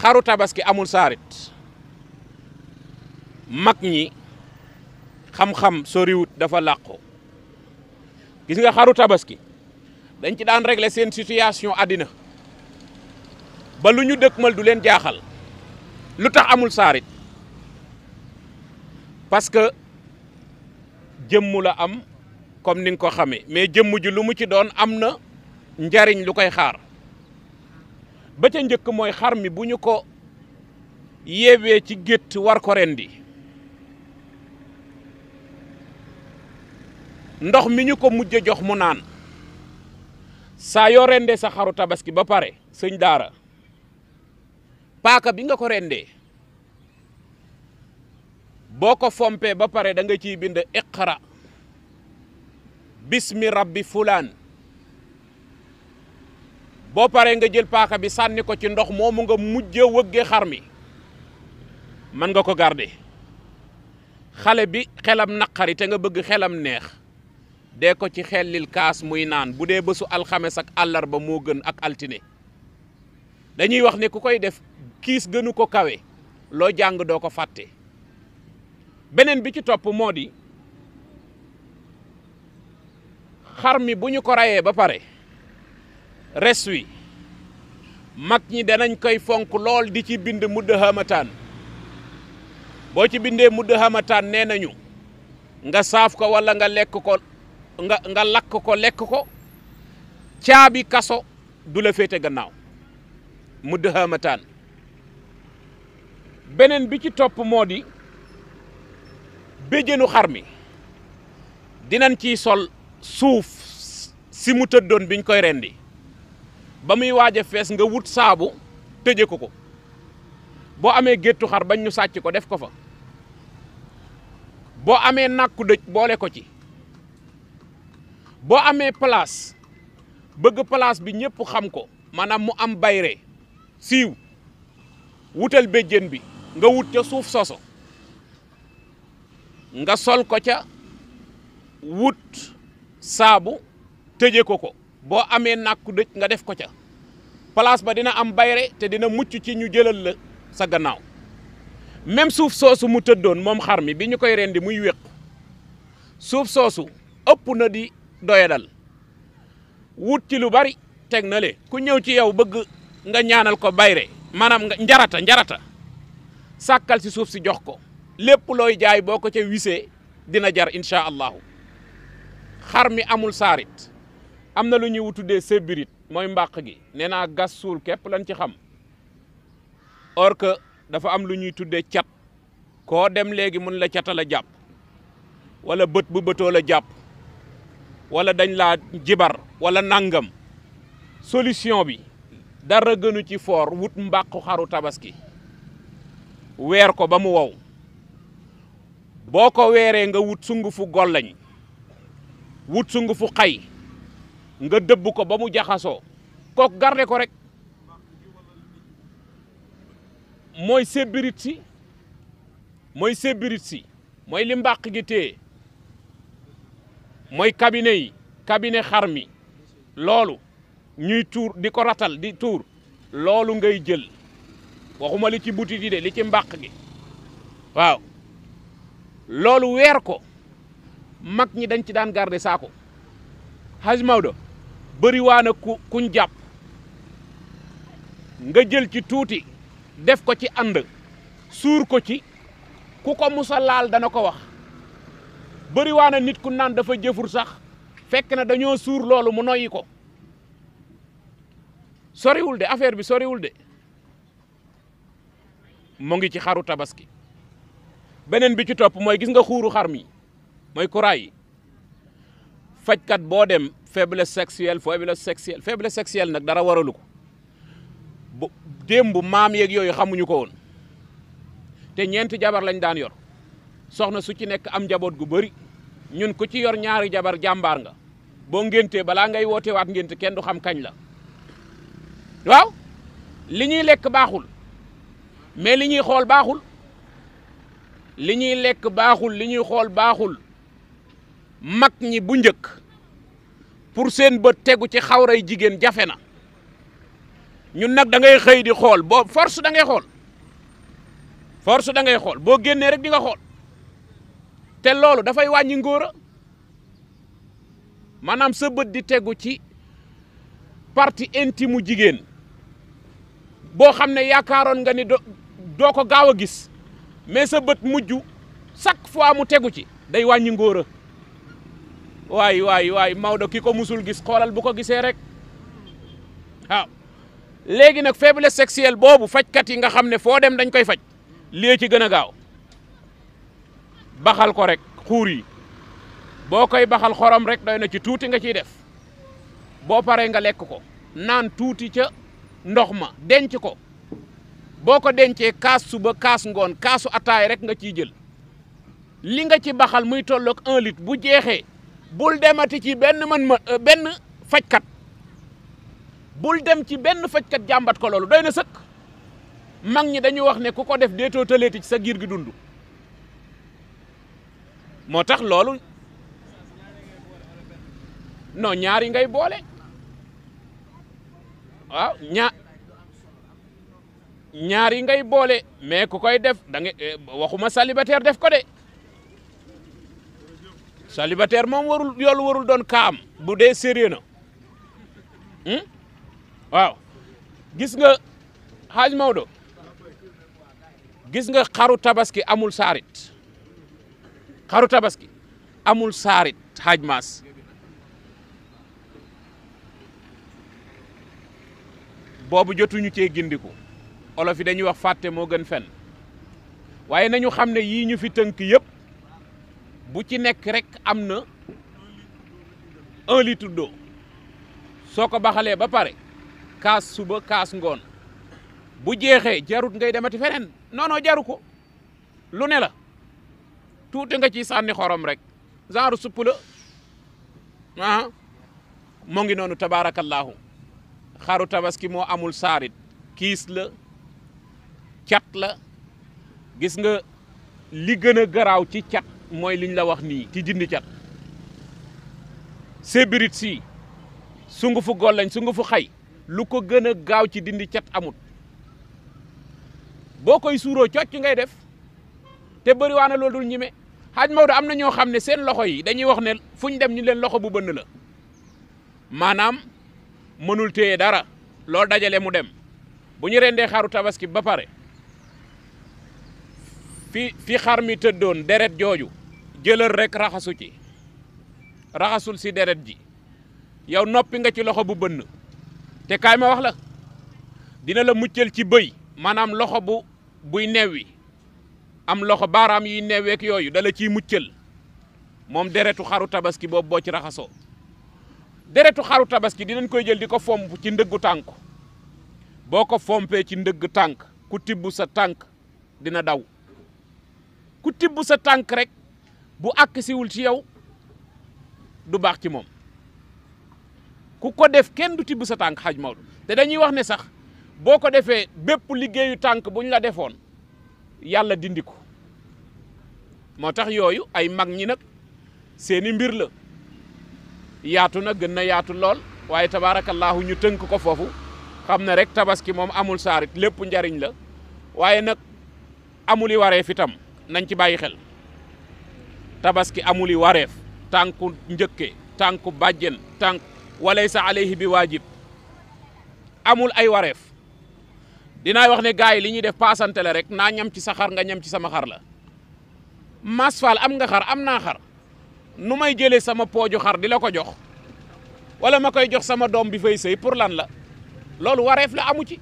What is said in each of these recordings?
xaru tabaski amul saarit mag ñi xam-xam soriwut dafa làqu gis nga xaru tabaski dañ ci daan regle seen situation àddina ba lu ñu dëkkmal du leen jaaxal lu tax amul saarit parce que jëmm la am comme ni ko xamee mais jëmm ji lu mu ci doon am na njariñ lu koy xaar ba njëkk mooy xar mi bu ñu ko yeewee ci gétt war ko rendi ndox mi ñu ko mujj jox mu naan saa yoo rendee sa xaru tabaski ba pare sëñ daara paaka bi nga ko rendee boo ko fompee ba pare da nga ciy bind iqra bismi rabbi fulaan boo paree nga jël paaka bi sànni ko ci ndox moomu nga mujj wëgge xar mi mën nga ko garder xale bi xelam naqari te nga bëgg xelam neex dee ko ci xellil kaas muy naan bu dee bésu alxames ak àllarba moo gën ak altine dañuy wax ne ku koy def kiis gënu ko kawe loo jàng doo ko fàtte beneen bi ci topp moo di xar mi bu ñu ko rayee ba pare res wi mag ñi danañ koy fonk lool di ci bind mudd hamataan boo ci bindee mudd hamataan nee nañu nga saaf ko walla nga lekk ko nga nga lakk ko lekk ko caabi kaso du la féete gannaaw mudd hamataan beneen bi ci topp moo di béjjënu xar mi dinañ ci sol suuf si mu tëddoon biñ koy rendi ba muy waaj fees nga wut saabu tëje ko ko boo amee géttu xar bañ nu sàcc ko def ko fa boo amee nàkku dëj boole ko ci boo amee palaas bëgg palaas bi ñëpp xam ko maanaam mu am bayre siiw wutal béjjén bi nga wut ca suuf soso nga sol ko ca wut saabu tëje ko ko boo amee nakku dëj nga def ko ca place ba dina am bayre te dina mucc ci ñu jëlal la sa gannaaw même suuf soosu mu tëddoon moom xar mi bi ñu koy rendi muy wéq suuf soosu ëpp na di doyadal wut ci lu bari teg na le ku ñëw ci yow bëgg nga ñaanal ko bayre maanaam nga njarata njarata sàkkal si suuf si jox ko lépp looy jaay boo ko ca wisee dina jar incha allahu xar mi amul saarit am na lu ñuy tuddee sébbirit mooy mbàq gi nee naa gas kepp képp lañ ci xam or que dafa am lu ñuy tuddee cat koo dem léegi mun la catal a jàpp wala bët bu bëtoo la jàpp walla dañ la jibar wala nangam solution bi dara gënu ci foor wut mbàqu xaru tabaski weer ko ba mu wow boo ko weeree nga wut sungufu gollañ wut sungufu xay nga dëbb ko ba mu jaxasoo kooku garde ko rek mooy sébirit si mooy sébirit si mooy li mbàq gi téye mooy cabinet yi cabinet xar mi loolu ñuy tuur di ko ratal di tuur loolu ngay jël waxuma li ci butit yi de li ci mbàq gi waaw loolu weer ko mag ñi dañ ci daan garder saako Haj Maodo bëri waa ku kuñ jàpp nga jël ci tuuti def ko ci ànd suur ko ci ku ko musa laal dana ko wax bëri waa na nit ku naan dafa jëfur sax fekk na dañoo suur loolu mu noyyi ko soriwul de affaire bi soriwul de mu ngi ci xaru tabaski beneen bi ci topp mooy gis nga xuuru xar mi mooy kuraay fajkat boo dem faiblesse sexuelle faiblesse sexuelle faiblesse sexuelle nag dara waralu ko bu démb maam yeeg yooyu xamuñu ko woon te ñeenti jabar lañ daan yor soxna su ci nekk am njaboot gu bëri ñun ku ci yor ñaari jabar jàmbaar nga boo ngéntee balaa ngay woote waat ngénte kenn du xam kañ la waaw li ñuy lekk baaxul mais li ñuy xool baaxul li ñuy lekk baaxul li ñuy xool baaxul mag ñi bu njëkk pour seen beut teggu ci xawray jigen jafena ñun nak da ngay xey di xol bo force da ngay xol force da ngay xol bo genné rek di nga té lolu da fay wañi ngóora manam sa beut di teggu ci parti intime jigen bo xamné xam nga ni do ko gaaw gis mais sa beut mujj chaque fois mu teggu ci day wañi ngóora waay waay waay Maodo ki ko musul gis xoolal bu ko gisee rek waaw léegi nag faiblesse sexuelle boobu fajkat yi nga xam ne foo dem dañ koy faj lii ci gën a gaaw baxal ko rek xuur yi boo koy baxal xorom rek doy na ci tuuti nga ciy def boo paree nga lekk ko naan tuuti ca ndox ma denc ko boo ko dencee kaas suba kaas ngoon kaasu attaay rek nga ciy jël li nga ci baxal muy tollook un litre bu jeexee bul demati ci benn man ma euh, benn fajkat bul dem ci benn fajkat jàmbat ko loolu doy na sëkk mag ñi dañu wax ne ku ko def deetoo tëleeti ci sa giir gi dund moo tax loolu noo ñaar yi ngay boole waaw ñaar ñaar yi ngay boole mais ku koy def da nga euh, waxuma célibataire def ko de célibataire moom warul yoolu warul doon kam bu dee sérieux na hmm? waaw gis nga xaaj Maodo gis nga xaru tabaski amul sarit, xaru tabaski amul sarit haj mas, Bobu jotuñu cee gindiku olof yi dañuy wax fàtte gën fen waaye nañu xam ne yii ñu fi bu ci nekk rek am na un litre d'eau soo ko baxalee ba pare kaas suba kaas ngoon bu jeexee jarut ngay demati feneen non non jaru ko lu ne la tuuti nga ci sànni xorom rek genre supp la ah moo ngi noonu tabaarakallaahu xaru tabaski moo amul saarit kiis la cat la gis nga li gën a garaaw ci cat mooy liñ la wax nii ci jindi cat sébirit si sungufu gollañ sungufu xay lu ko gën a gaaw ci dindi cat amut boo koy suuroo cocc ngay def te bëri waa na loolu dul ñime xaaj Maodo am na ñoo xam ne seen loxo yi dañuy wax ne fu ñu dem ñu leen loxo bu bënn la maanaam mënul téye dara loolu dajale mu dem bu ñu rendee xaru tabaski ba pare fi fi xar mi tëddoon deret jooju jëlal rekk raxasu ci raxasul si deret ji yow noppi nga ci loxo bu bënn te kaay ma wax la dina la muccal ci bëy maanaam loxo bu buy newwi am loxo baaraam yi neweek yooyu dala ciy muccal moom deretu xaru tabaski boobu boo ci raxasoo deretu xaru tabaski dinañ koy jël di ko fomp ci ndëggu tànk boo ko fompee ci ndëgg tànk ku tibb sa tànk dina daw ku tibb sa tànk rek bu àkk siwul ci yow du baax ci moom ku ko def kenn du tibb sa tànk xaj Maodo te dañuy wax ne sax boo ko defee bépp liggéeyu tànk bu ñu la defoon yàlla dindi ko moo tax yooyu ay mag ñi nag seeni mbir la yaatu na gën na yaatu lool waaye tabaarakallaahu ñu tënk ko foofu xam na rek tabaski moom amul saarit lépp njariñ la waaye nag amul i waree nañ ci bàyyi xel tabaski amuli waref tanku njëkke tanku bajjen tank walaysa alayhi bi wajib amul ay waref dinaay wax ne gaay yi def passante la rek na ñam ci sa xar nga ñam ci sama xar la masfal am nga xar am na xar numay may sama pojo xar di ko jox wala makoy jox sama dom bi fay sey pour lan la lolou waref la amu ci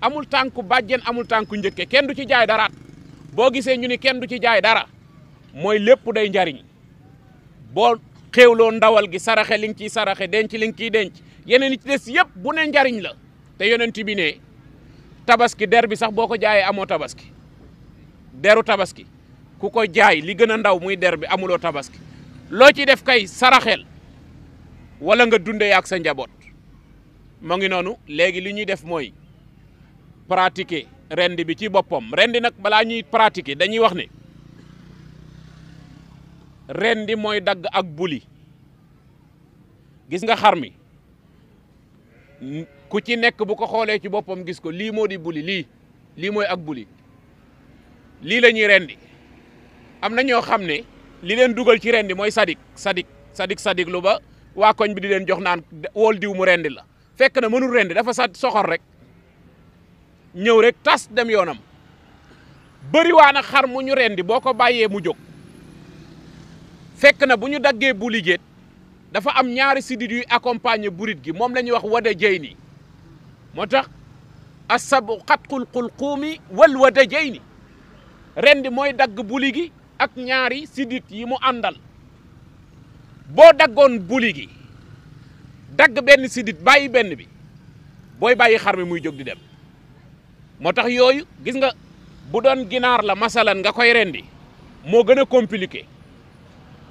amul tanku bajjen amul tanku njëkke kenn du ci jaay dara bo gisee ñu ni kenn du ci jaay dara Moy lepp day njariñ bol xewlo ndawal gi saraxé liñ ci saraxé denc liñ nga denc yeneen ci dess yépp bu ne njariñ la té yonent bi né tabaski der bi sax boko amu amo tabaski deru tabaski ku ko jaay li gëna derbi ndaw muy der bi amulo tabaski lo ci def kay saraxel wala nga dundé yak sa njabot mo ngi nonu légui li ñuy def moy, pratiquer rendi bi ci bopom rendi nak bala ñuy pratiquer dañuy wax rendi moy dag ak buli gis nga xar mi ku ci nek bu ko xole ci bopam gis ko li modi di buli li li moy ak buli li lañuy rendi amna ño xamne li len duggal ci rendi moy sadik sadik sadik sadik lu ba wa koñ bi di len jox nan wol diw mu rendi la fekk na mënul rendi dafa sa soxor rek ñew rek tas dem yonam bari waana na xar mu ñu rendi boo mu jog fekk na bu ñu daggee dafa am ñaari sidit yuy accompagner burit gi moom la wax wada jey ni asabu xatqul qulquumi wal wada jey rendi mooy dagg buligi, ak ñaari sidit yi mu andal, boo daggoon buli gi dagg benn sidit bàyyi benn bi boy bàyyi xar mi muy jóg di dem moo tax gis nga bu la masalan nga koy rendi moo gën a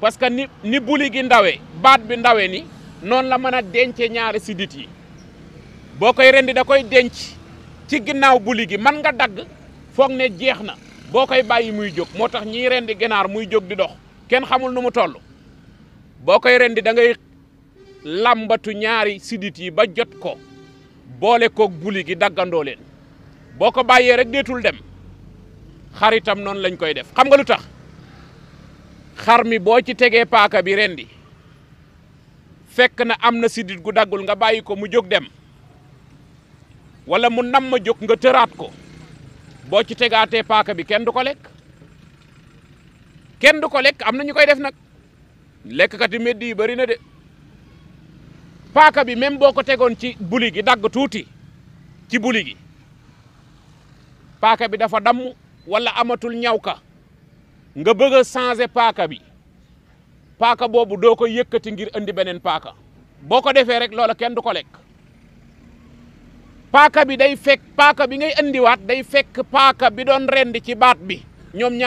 parce que ni ni buli gi ndawe baat bi ndawe ni noonu la mën a dencee ñaari sidit yi boo koy rendi da koy denc ci ginnaaw buli gi man nga dagg foog ne jeex na boo koy bàyyi muy jóg moo tax ñiy rendi ginaar muy jóg di dox kenn xamul nu mu toll boo koy rendi da ngay làmbatu ñaari sidit yi ba jot ko boole koog buli gi daggandoo leen boo ko bàyyee rek deetul dem xaritam noonu lañ koy def xam nga lu tax xar mi boo ci tegee paaka bi rendi fekk na am na sidit gu daggul nga bàyyi ko mu jóg dem wala mu nam jóg nga tëraat ko boo ci tegaatee paaka bi kenn du ko lekk kenn du ko lekk am na ñu koy def nag lekkati mbedd yi bëri na de paaka bi même boo ko tegoon ci buli gi dagg tuuti ci buli gi paaka bi dafa damm wala amatul ñaw ka nga bëgg a paaka bi paaka boobu doo ko yëkkati ngir andi beneen paaka boo ko defee rek loola kenn du ko lekk paaka bi day fekk paaka bi ngay andiwaat day fekk paaka bi doon rend ci baat bi ñoom ñaar